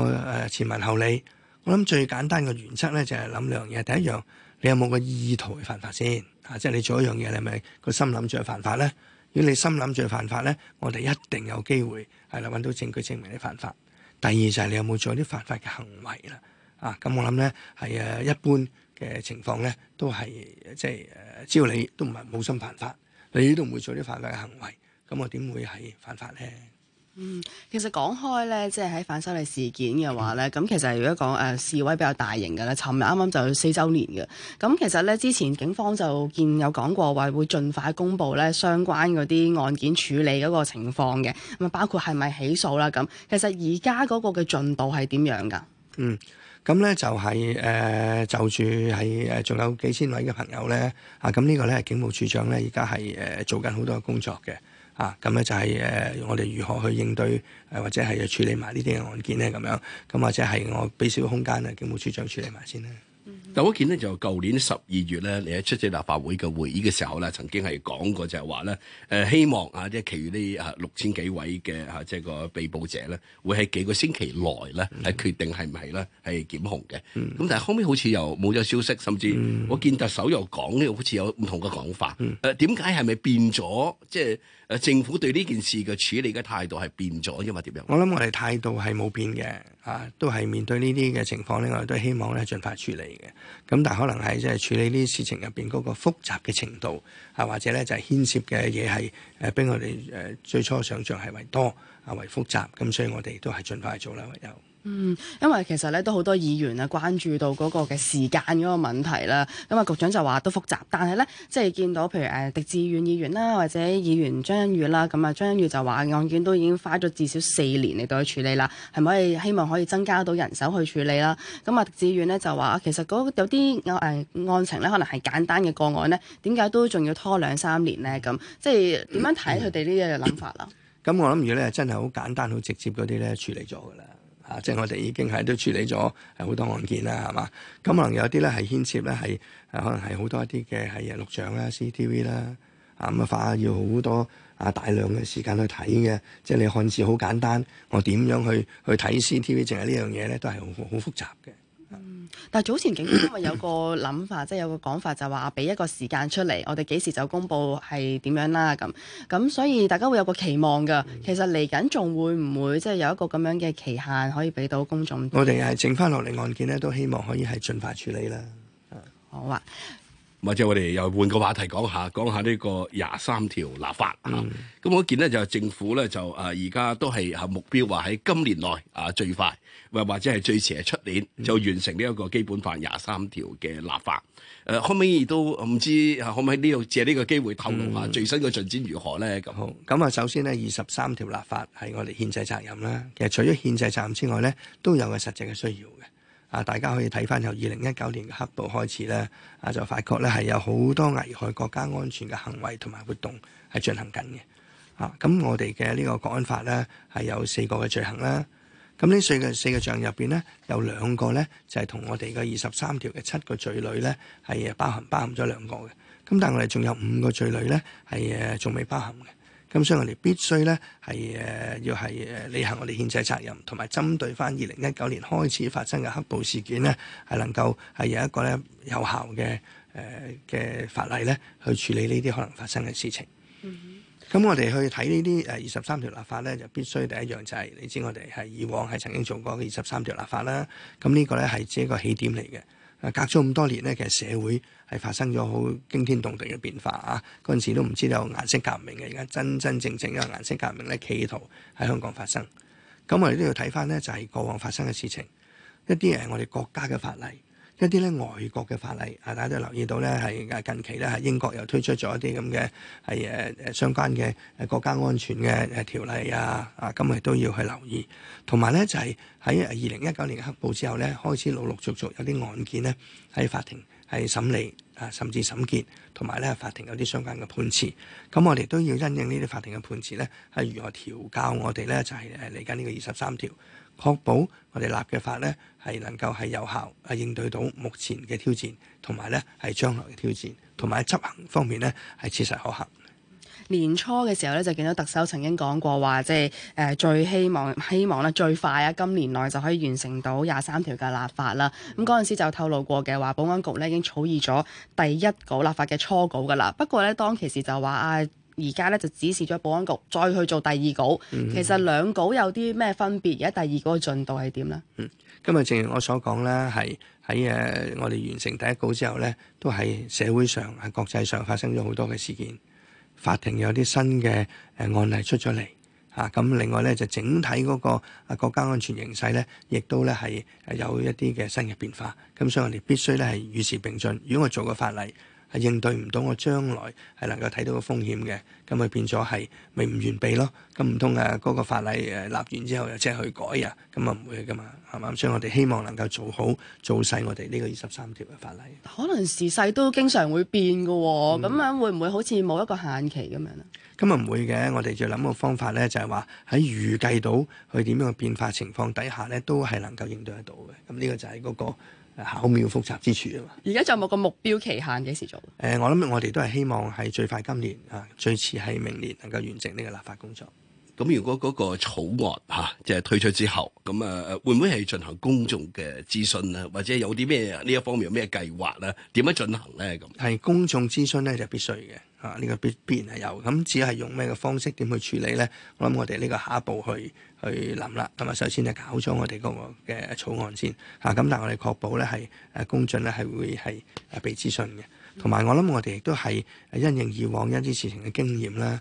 誒前文後理。我諗最簡單嘅原則咧，就係諗兩樣嘢。第一樣，你有冇個意圖去犯法先？啊，即係你做一樣嘢，你係咪個心諗住去犯法咧？如果你心諗住去犯法咧，我哋一定有機會係啦，搵到證據證明你犯法。第二就係你有冇做啲犯法嘅行為啦。啊，咁我諗咧係誒一般嘅情況咧，都係即係只要你都唔係冇心犯法。你都唔會做啲法律嘅行為，咁我點會係犯法咧？嗯，其實講開咧，即係喺反修例事件嘅話咧，咁、嗯、其實如果講誒示威比較大型嘅咧，尋日啱啱就四週年嘅。咁其實咧，之前警方就見有講過話會盡快公布咧相關嗰啲案件處理嗰個情況嘅咁啊，包括係咪起訴啦咁。其實而家嗰個嘅進度係點樣噶？嗯。咁咧就係、是、誒、呃、就住係誒仲有幾千位嘅朋友咧啊！咁呢個咧警務處長咧而家係誒做緊好多嘅工作嘅啊！咁咧就係、是、誒、呃、我哋如何去應對誒、呃、或者係處理埋呢啲嘅案件咧咁樣，咁或者係我俾少少空間啊警務處長處理埋先咧。但我見咧就舊年十二月咧，你喺出席立法會嘅會議嘅時候咧，曾經係講過就係話咧，誒、呃、希望啊，即係其餘呢，啊六千幾位嘅吓即係個被捕者咧，會喺幾個星期內咧係、嗯、決定係唔係咧係檢控嘅。咁、嗯、但係後尾好似又冇咗消息，甚至我見特首又講咧，好似有唔同嘅講法。誒、嗯，點解係咪變咗即係？誒政府對呢件事嘅處理嘅態度係變咗，抑或點樣？我諗我哋態度係冇變嘅，嚇、啊、都係面對呢啲嘅情況，呢我哋都希望咧盡快處理嘅。咁但係可能係即係處理呢啲事情入邊嗰個複雜嘅程度，嚇、啊、或者咧就係、是、牽涉嘅嘢係誒俾我哋誒最初想像係為多啊為複雜，咁所以我哋都係盡快做啦，唯有。嗯，因為其實咧都好多議員啊關注到嗰個嘅時間嗰個問題啦。咁、嗯、啊，局長就話都複雜，但係咧即係見到譬如誒狄、呃、志遠議員啦，或者議員張欣宇啦，咁啊張欣宇就話案件都已經花咗至少四年嚟到去處理啦。係咪可以希望可以增加到人手去處理啦？咁啊狄志遠呢就話、啊、其實嗰有啲、呃、案情咧可能係簡單嘅個案呢，點解都仲要拖兩三年呢？咁、嗯、即係點、嗯、 (coughs) 樣睇佢哋呢啲嘅諗法啦？咁我諗如果咧真係好簡單好直接嗰啲咧處理咗㗎啦。啊！即係我哋已經係都處理咗係好多案件啦，係嘛？咁可能有啲咧係牽涉咧係誒，可能係好多一啲嘅係錄像啦、CCTV 啦啊咁啊，花、啊、要好多啊大量嘅時間去睇嘅。即係你看似好簡單，我點樣去去睇 CCTV？淨係呢樣嘢咧，都係好好複雜嘅。嗯、但係早前警方因為有個諗法， (laughs) 即係有個講法，就話、是、俾一個時間出嚟，我哋幾時就公佈係點樣啦？咁咁，所以大家會有個期望㗎。其實嚟緊仲會唔會即係有一個咁樣嘅期限可以俾到公眾？ (laughs) 我哋係剩翻落嚟案件呢，都希望可以係盡快處理啦。 (laughs) 好啊。或者我哋又換個話題講下，講下呢個廿三條立法嚇。咁我見呢，就政府咧就誒而家都係啊目標話喺今年內啊最快，或或者係最遲係出年就完成呢一個基本法廿三條嘅立法。誒、嗯嗯嗯、可唔可以都唔知可唔可以喺呢度借呢個機會透露下最新嘅進展如何咧？咁、嗯、好。咁啊，首先呢，二十三條立法係我哋憲制責任啦。其實除咗憲制責任之外咧，都有個實際嘅需要。啊！大家可以睇翻由二零一九年嘅黑暴開始咧，啊，就發覺咧係有好多危害國家安全嘅行為同埋活動係進行緊嘅。啊，咁我哋嘅呢個國安法咧係有四個嘅罪行啦。咁呢四個四個罪入邊咧，有兩個咧就係同我哋嘅二十三條嘅七個罪類咧係包含包含咗兩個嘅。咁但係我哋仲有五個罪類咧係誒仲未包含嘅。咁所以我哋必須咧係誒要係誒、呃、履行我哋憲制責任，同埋針對翻二零一九年開始發生嘅黑暴事件咧，係能夠係有一個咧有效嘅誒嘅法例咧去處理呢啲可能發生嘅事情。咁、mm hmm. 我哋去睇呢啲誒二十三條立法咧，就必須第一樣就係、是、你知我哋係以往係曾經做過嘅二十三條立法啦。咁呢個咧只係一個起點嚟嘅。啊，隔咗咁多年咧，其實社會，係發生咗好驚天動地嘅變化啊！嗰陣時都唔知道顏色革命嘅，而家真真正正嘅顏色革命咧，企圖喺香港發生。咁我哋都要睇翻咧，就係過往發生嘅事情，一啲誒我哋國家嘅法例，一啲咧外國嘅法例啊，大家都留意到咧，係近期咧，英國又推出咗一啲咁嘅係誒誒相關嘅國家安全嘅條例啊！啊，咁亦都要去留意，同埋咧就係喺二零一九年嘅黑暴之後咧，開始陸陸續續有啲案件咧喺法庭，係審理啊，甚至審結，同埋咧法庭有啲相關嘅判詞，咁我哋都要因應呢啲法庭嘅判詞咧，係如何調教我哋咧，就係嚟緊呢個二十三條，確保我哋立嘅法咧係能夠係有效啊應對到目前嘅挑戰，同埋咧係將來嘅挑戰，同埋執行方面咧係切實可行。年初嘅時候咧，就見到特首曾經講過話，即係誒、呃、最希望希望咧最快啊，今年內就可以完成到廿三條嘅立法啦。咁嗰陣時就透露過嘅話，保安局咧已經草擬咗第一稿立法嘅初稿噶啦。不過咧，當其時就話啊，而家咧就指示咗保安局再去做第二稿。其實兩稿有啲咩分別？而家第二稿嘅進度係點咧？嗯，今日正如我所講咧，係喺誒我哋完成第一稿之後咧，都喺社會上喺國際上發生咗好多嘅事件。法庭有啲新嘅誒案例出咗嚟嚇，咁、啊、另外咧就整體嗰個啊國家安全形勢咧，亦都咧係係有一啲嘅新嘅變化，咁所以我哋必須咧係與時並進，如果我做個法例。係應對唔到我將來係能夠睇到個風險嘅，咁咪變咗係未唔完備咯？咁唔通誒嗰個法例誒立完之後又即係去改啊？咁啊唔會㗎嘛係嘛？所以我哋希望能夠做好做晒我哋呢個二十三條嘅法例。可能時勢都經常會變嘅喎、哦，咁樣、嗯、會唔會好似冇一個限期咁樣啊？咁啊唔會嘅，我哋就諗個方法咧，就係話喺預計到佢點樣嘅變化情況底下咧，都係能夠應對得到嘅。咁呢個就係嗰、那個。巧妙複雜之處啊嘛！而家仲有冇個目標期限幾時做？誒、呃，我諗我哋都係希望係最快今年啊，最遲係明年能夠完成呢個立法工作。咁如果嗰個草案嚇、啊、即係推出之後，咁啊會唔會係進行公眾嘅諮詢咧？或者有啲咩呢一方面有咩計劃咧？點樣進行咧？咁係 (music) 公眾諮詢咧就必須嘅嚇，呢、啊這個必必然係有。咁至於係用咩嘅方式點去處理咧？我諗我哋呢個下一步去去諗啦。咁啊，首先啊，搞咗我哋嗰個嘅草案先嚇。咁、啊、但係我哋確保咧係誒公眾咧係會係誒被諮詢嘅。同、啊、埋我諗我哋亦都係因應以往一啲事情嘅經驗啦。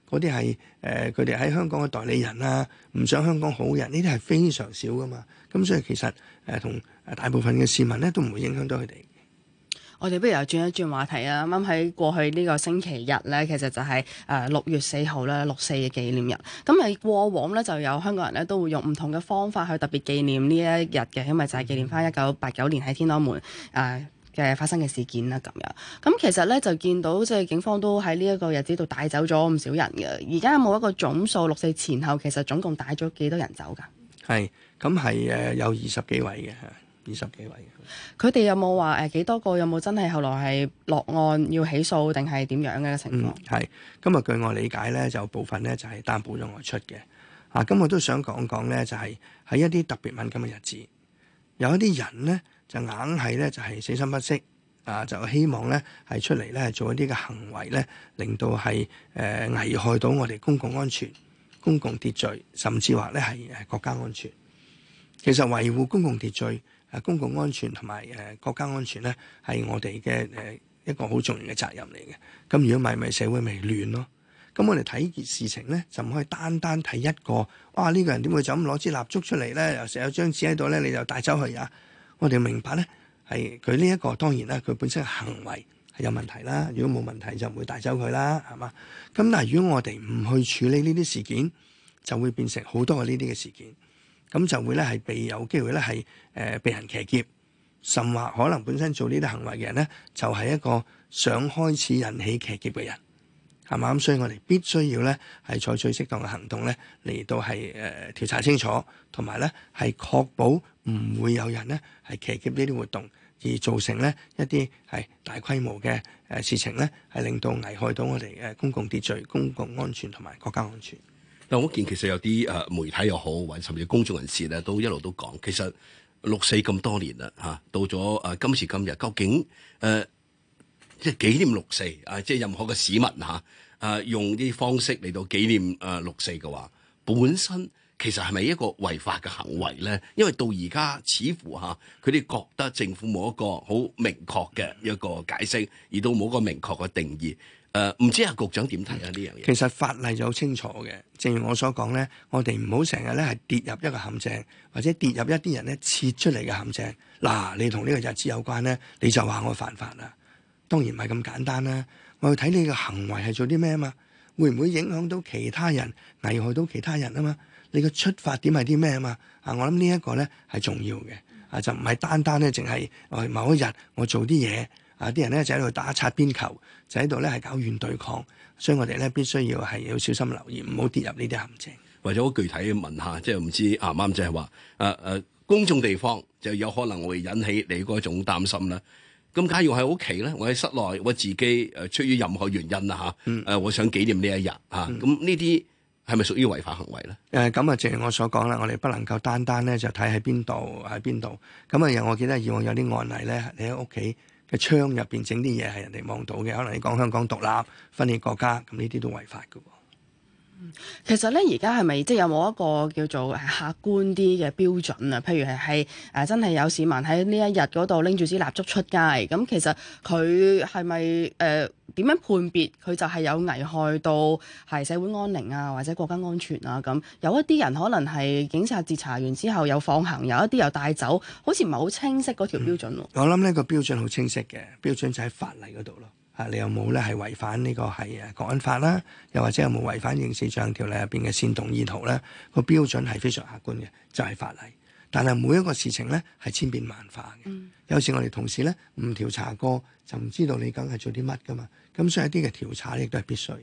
嗰啲係誒佢哋喺香港嘅代理人啊，唔想香港好人，呢啲係非常少㗎嘛。咁所以其實誒同、呃、大部分嘅市民呢都唔會影響到佢哋。我哋不如又轉一轉話題啊。啱喺過去呢個星期日呢，其實就係誒六月四號啦，六四嘅紀念日。咁喺過往呢，就有香港人呢都會用唔同嘅方法去特別紀念呢一日嘅，因為就係紀念翻一九八九年喺天安門誒，呃嘅發生嘅事件啦，咁樣咁其實咧就見到即係警方都喺呢一個日子度帶走咗唔少人嘅，而家有冇一個總數六四前後其實總共帶咗幾多人走㗎？係咁係誒有二十幾位嘅，二十幾位嘅。佢哋有冇話誒幾多個有冇真係後來係落案要起訴定係點樣嘅情況？係今日據我理解咧，就部分咧就係擔保咗外出嘅。啊，咁我都想講講咧，就係、是、喺一啲特別敏感嘅日子，有一啲人咧。就硬係咧，就係死心不息啊！就希望咧係出嚟咧做一啲嘅行為咧，令到係誒危害到我哋公共安全、公共秩序，甚至話咧係誒國家安全。其實維護公共秩序、誒公共安全同埋誒國家安全咧，係我哋嘅誒一個好重要嘅責任嚟嘅。咁如果唔係，咪社會咪亂咯。咁我哋睇件事情咧，就唔可以單單睇一個哇，呢個人點會就咁攞支蠟燭出嚟咧？又成有張紙喺度咧，你就帶走去啊！我哋明白咧，係佢呢一個當然啦，佢本身嘅行為係有問題啦。如果冇問題就唔會帶走佢啦，係嘛？咁但係如果我哋唔去處理呢啲事件，就會變成好多嘅呢啲嘅事件，咁就會咧係被有機會咧係誒被人騎劫，甚或可能本身做呢啲行為嘅人咧，就係一個想開始引起騎劫嘅人。啱啱，所以我哋必須要咧係採取適當嘅行動咧，嚟到係誒調查清楚，同埋咧係確保唔會有人咧係騎劫呢啲活動，而造成咧一啲係大規模嘅誒事情咧，係令到危害到我哋嘅公共秩序、公共安全同埋國家安全。但係我見其實有啲誒媒體又好，或者甚至公眾人士咧都一路都講，其實六四咁多年啦吓，到咗誒今時今日，究竟誒？即係紀念六四啊！即係任何嘅市民嚇，誒用啲方式嚟到紀念誒六四嘅話，本身其實係咪一個違法嘅行為咧？因為到而家似乎嚇，佢、啊、哋覺得政府冇一個好明確嘅一個解釋，而都冇一個明確嘅定義。誒、啊，唔知阿、啊、局長點睇啊？呢樣嘢其實法例就好清楚嘅。正如我所講咧，我哋唔好成日咧係跌入一個陷阱，或者跌入一啲人咧設出嚟嘅陷阱。嗱，你同呢個日子有關咧，你就話我犯法啦。當然唔係咁簡單啦！我要睇你嘅行為係做啲咩啊嘛？會唔會影響到其他人、危害到其他人啊嘛？你嘅出發點係啲咩啊嘛？啊，我諗呢一個咧係重要嘅啊，就唔係單單咧，淨係某一日我做啲嘢啊，啲人咧就喺度打擦邊球，就喺度咧係搞軟對抗，所以我哋咧必須要係要小心留意，唔好跌入呢啲陷阱。或者好具體問下，即係唔知啱唔啱，即係話誒誒，公眾地方就有可能會引起你嗰種擔心啦。咁假如喺屋企咧，我喺室內，我自己誒，出於任何原因啦嚇，誒、嗯啊，我想紀念呢一日嚇，咁呢啲係咪屬於違法行為咧？誒、嗯，咁、嗯、啊、嗯，正如我所講啦，我哋不能夠單單咧就睇喺邊度喺邊度。咁啊、嗯，又我記得以往有啲案例咧，你喺屋企嘅窗入邊整啲嘢係人哋望到嘅，可能你講香港獨立分裂國家，咁呢啲都違法㗎。嗯、其實咧，而家係咪即係有冇一個叫做客觀啲嘅標準啊？譬如係誒，真係有市民喺呢一日嗰度拎住支蠟燭出街，咁、嗯、其實佢係咪誒點樣判別佢就係有危害到係社會安寧啊，或者國家安全啊？咁有一啲人可能係警察截查完之後又放行，有一啲又帶走，好似唔係好清晰嗰條標準咯、啊嗯。我諗呢個標準好清晰嘅，標準就喺法例嗰度咯。你有冇咧係違反呢個係誒《國安法》啦？又或者有冇違反《刑事罪行條例》入邊嘅煽動意圖咧？個標準係非常客觀嘅，就係、是、法例。但係每一個事情咧係千變萬化嘅。嗯、有時我哋同事咧唔調查過就唔知道你咁係做啲乜噶嘛。咁所以啲嘅調查亦都係必須。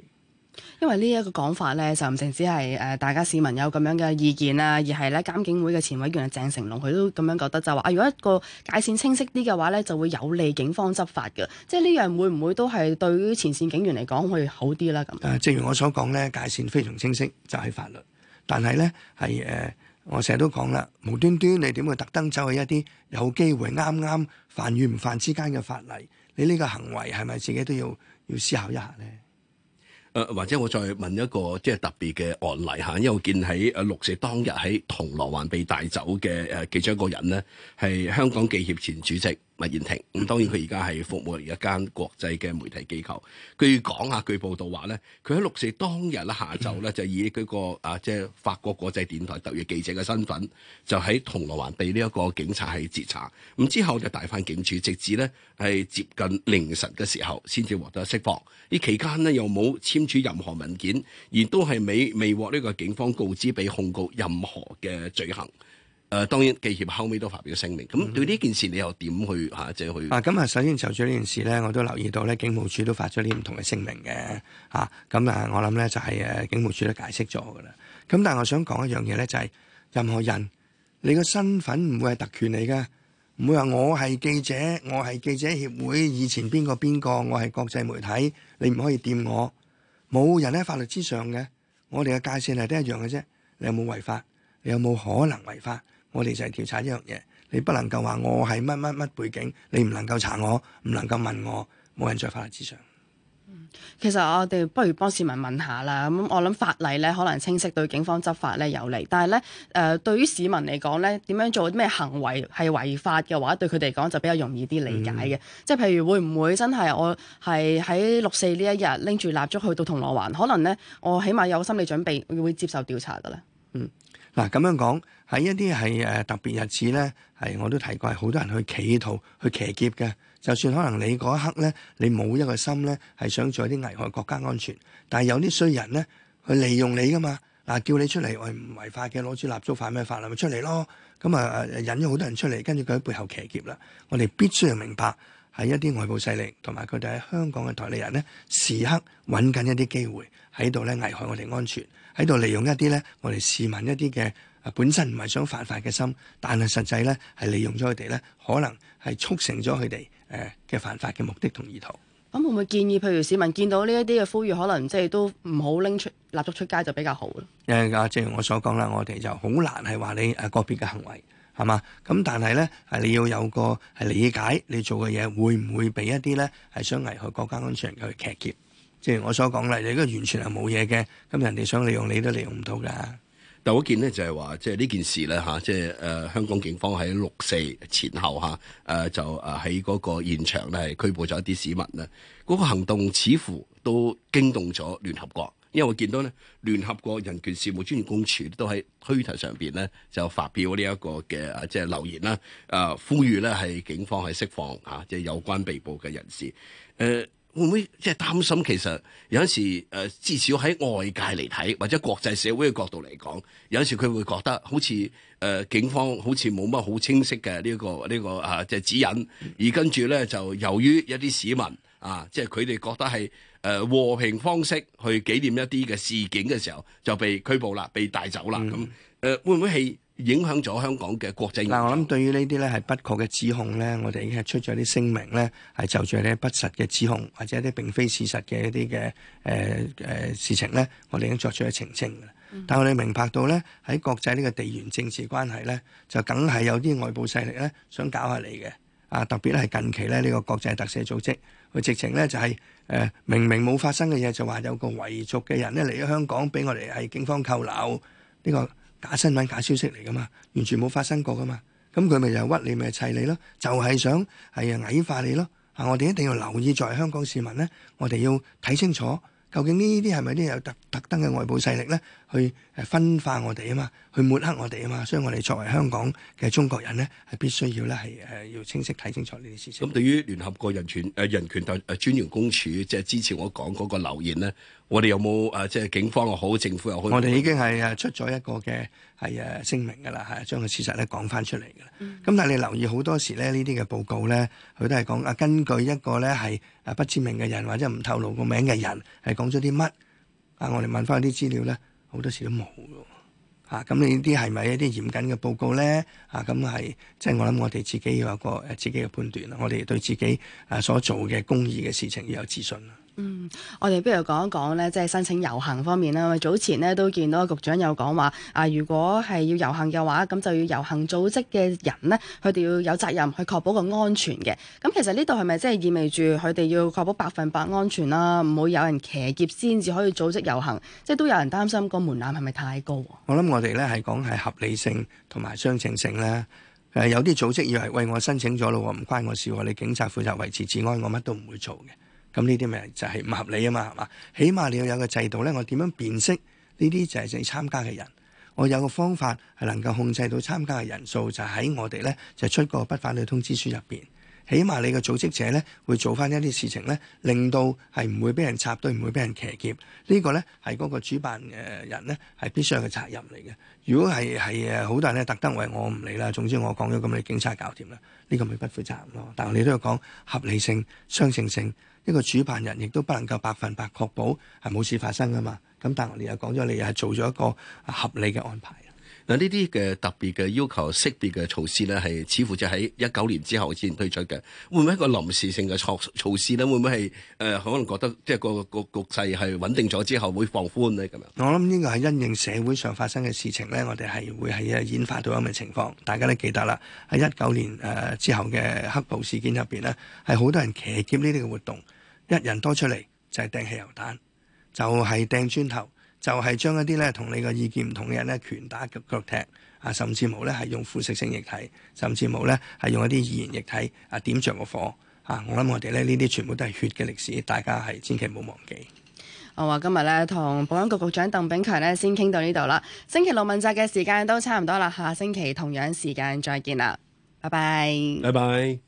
因為呢一個講法咧，就唔淨止係誒大家市民有咁樣嘅意見啦，而係咧監警會嘅前委員鄭成龍，佢都咁樣覺得就話啊，如果一個界線清晰啲嘅話咧，就會有利警方執法嘅，即係呢樣會唔會都係對於前線警員嚟講會好啲啦？咁誒、呃，正如我所講咧，界線非常清晰就係、是、法律，但係咧係誒，我成日都講啦，無端端你點會特登走去一啲有機會啱啱犯與唔犯之間嘅法例，你呢個行為係咪自己都要要思考一下咧？或者我再問一個特別嘅案例嚇，因為我見喺誒六四當日喺銅鑼灣被帶走嘅誒其中一個人咧係香港記協前主席。麥燕庭咁，當然佢而家係服務一間國際嘅媒體機構。據講啊，據報道話咧，佢喺六四當日啦，下晝咧，就以佢個啊即係法國國際電台特約記者嘅身份，就喺銅鑼灣被呢一個警察係截查，咁之後就帶翻警署，直至咧係接近凌晨嘅時候，先至獲得釋放。期間呢期間咧又冇簽署任何文件，而都係未未獲呢個警方告知被控告任何嘅罪行。誒，當然記協後尾，都發表咗聲明，咁對呢件事你又點去吓？即係去啊？咁啊，首先就住呢件事咧，我都留意到咧，警務處都發咗啲唔同嘅聲明嘅，吓咁啊，我諗咧就係誒，警務處都解釋咗噶啦。咁但係我想講一樣嘢咧，就係任何人，你個身份唔會係特權嚟嘅，唔會話我係記者，我係記者協會以前邊個邊個，我係國際媒體，你唔可以掂我，冇人喺法律之上嘅，我哋嘅界線係都一樣嘅啫。你有冇違法？你有冇可能違法？我哋就係調查呢樣嘢，你不能夠話我係乜乜乜背景，你唔能夠查我，唔能夠問我，冇人在法律之上。嗯、其實我哋不如幫市民問下啦。咁、嗯、我諗法例呢可能清晰對警方執法呢有利，但係呢，誒、呃、對於市民嚟講呢，點樣做咩行為係違法嘅話，對佢哋嚟講就比較容易啲理解嘅。嗯、即係譬如會唔會真係我係喺六四呢一日拎住蠟燭去到銅鑼灣，可能呢，我起碼有心理準備會接受調查嘅咧。嗯，嗱、啊、咁樣講。喺一啲係誒特別日子咧，係我都提過，係好多人去企圖去騎劫嘅。就算可能你嗰一刻咧，你冇一個心咧，係想做一啲危害國家安全，但係有啲衰人咧，佢利用你噶嘛嗱，叫你出嚟，我唔違法嘅，攞支蠟燭犯咩法啊？咪出嚟咯。咁啊啊引咗好多人出嚟，跟住佢喺背後騎劫啦。我哋必須要明白，喺一啲外部勢力同埋佢哋喺香港嘅代理人咧，時刻揾緊一啲機會喺度咧危害我哋安全，喺度利用一啲咧我哋市民一啲嘅。本身唔係想犯法嘅心，但係實際咧係利用咗佢哋咧，可能係促成咗佢哋誒嘅犯法嘅目的同意圖。咁會唔會建議，譬如市民見到呢一啲嘅呼籲，可能即係都唔好拎出蠟燭出街，就比較好因為㗎！正、嗯、如我所講啦，我哋就好難係話你誒個別嘅行為係嘛？咁但係咧，係你要有個係理解你做嘅嘢會唔會俾一啲咧係想危害國家安全嘅企劫？正如我所講啦，你如果完全係冇嘢嘅，咁人哋想利用你都利用唔到㗎。有嗰件呢，就係話，即係呢件事咧嚇，即係誒香港警方喺六四前後嚇，誒、啊、就誒喺嗰個現場咧係拘捕咗一啲市民咧，嗰、那個行動似乎都驚動咗聯合國，因為我見到呢聯合國人權事務專員公署都喺推特上邊咧就發表呢一個嘅即係留言啦，誒、啊、呼籲咧係警方係釋放嚇即係有關被捕嘅人士，誒、啊。會唔會即係擔心？其實有陣時誒、呃，至少喺外界嚟睇，或者國際社會嘅角度嚟講，有陣時佢會覺得好似誒、呃、警方好似冇乜好清晰嘅呢、呢個呢、呢個啊，即、就、係、係、指引。而跟住咧，就由於一啲市民啊，即係佢哋覺得係誒、呃、和平方式去紀念一啲嘅事件嘅時候，就被拘捕啦，被帶走啦咁。誒、嗯呃，會唔會係影響咗香港嘅國際形象。嗱，我諗對於呢啲咧係不確嘅指控咧，我哋已經係出咗啲聲明咧，係就住啲不實嘅指控，或者一啲並非事實嘅一啲嘅誒誒事情咧，我哋已經作出咗澄清㗎喇。但係我哋明白到咧，喺國際呢個地緣政治關係咧，就梗係有啲外部勢力咧想搞下你嘅。啊，特別係近期咧呢個國際特赦組織，佢直情咧就係誒明明冇發生嘅嘢，就話有個遺族嘅人咧嚟咗香港，俾我哋係警方扣留呢個。假新聞、假消息嚟噶嘛，完全冇發生過噶嘛，咁佢咪就屈你，咪砌你咯，就係想係啊矮化你咯。啊，我哋一定要留意，作為香港市民咧，我哋要睇清楚，究竟呢啲係咪啲有特特登嘅外部勢力咧，去誒分化我哋啊嘛，去抹黑我哋啊嘛。所以我哋作為香港嘅中國人咧，係必須要咧係誒要清晰睇清楚呢啲事情。咁對於聯合國人權誒人權特誒、呃、專員公署，即係之前我講嗰個留言咧。我哋有冇誒？即係警方又好，政府又好，我哋已經係誒出咗一個嘅係誒聲明㗎啦，係將個事實咧講翻出嚟㗎啦。咁但係你留意好多時咧，呢啲嘅報告咧，佢都係講啊，根據一個咧係誒不知名嘅人或者唔透露個名嘅人係講咗啲乜啊？我哋問翻啲資料咧，好多時都冇㗎喎。啊，咁你呢啲係咪一啲嚴謹嘅報告咧？啊，咁係即係我諗，我哋自己要有個誒自己嘅判斷啦。我哋對自己誒所做嘅公義嘅事情要有自信啦。嗯，我哋不如講一講咧，即係申請遊行方面啦。早前咧都見到局長有講話，啊，如果係要遊行嘅話，咁就要遊行組織嘅人咧，佢哋要有責任去確保個安全嘅。咁其實呢度係咪即係意味住佢哋要確保百分百安全啦？唔會有人騎劫先至可以組織遊行，即係都有人擔心個門檻係咪太高？我諗我哋咧係講係合理性同埋相稱性咧，有啲組織以為喂，我申請咗咯，唔關我事喎，你警察負責維持治安，我乜都唔會做嘅。咁呢啲咪就係唔合理啊嘛，係嘛？起碼你要有個制度咧，我點樣辨識呢啲就係想參加嘅人？我有個方法係能夠控制到參加嘅人數，就喺我哋咧就出個不反對通知書入邊。起碼你個組織者咧會做翻一啲事情咧，令到係唔會俾人插隊，唔會俾人騎劫。呢個咧係嗰個主辦誒人咧係必須有嘅責任嚟嘅。如果係係誒好大咧特登，為，我唔理啦。總之我講咗咁，你警察搞掂啦。呢個咪不負責任咯。但係你都要講合理性、相稱性，呢個主辦人亦都不能夠百分百確保係冇事發生噶嘛，咁但係我哋又講咗，你又係做咗一個合理嘅安排。嗱，呢啲嘅特別嘅要求識別嘅措施咧，係似乎就喺一九年之後先推出嘅。會唔會一個臨時性嘅措措施咧？會唔會係誒、呃、可能覺得即係個個，個局勢係穩定咗之後會放寬咧咁樣？我諗應該係因應社會上發生嘅事情咧，我哋係會係啊演化到咁嘅情況。大家都記得啦，喺一九年誒之後嘅黑暴事件入邊咧，係好多人騎劫呢啲嘅活動，一人多出嚟就係、是、掟汽油彈，就係掟磚頭，就係、是、將一啲咧同你個意見唔同嘅人咧拳打腳踢啊，甚至乎咧係用腐蝕性液體，甚至乎咧係用一啲易燃液體啊點着個火啊！我諗我哋咧呢啲全部都係血嘅歷史，大家係千祈唔好忘記。我話、哦、今日咧同保安局局長鄧炳強咧先傾到呢度啦，星期六問責嘅時間都差唔多啦，下星期同樣時間再見啦，拜拜，拜拜。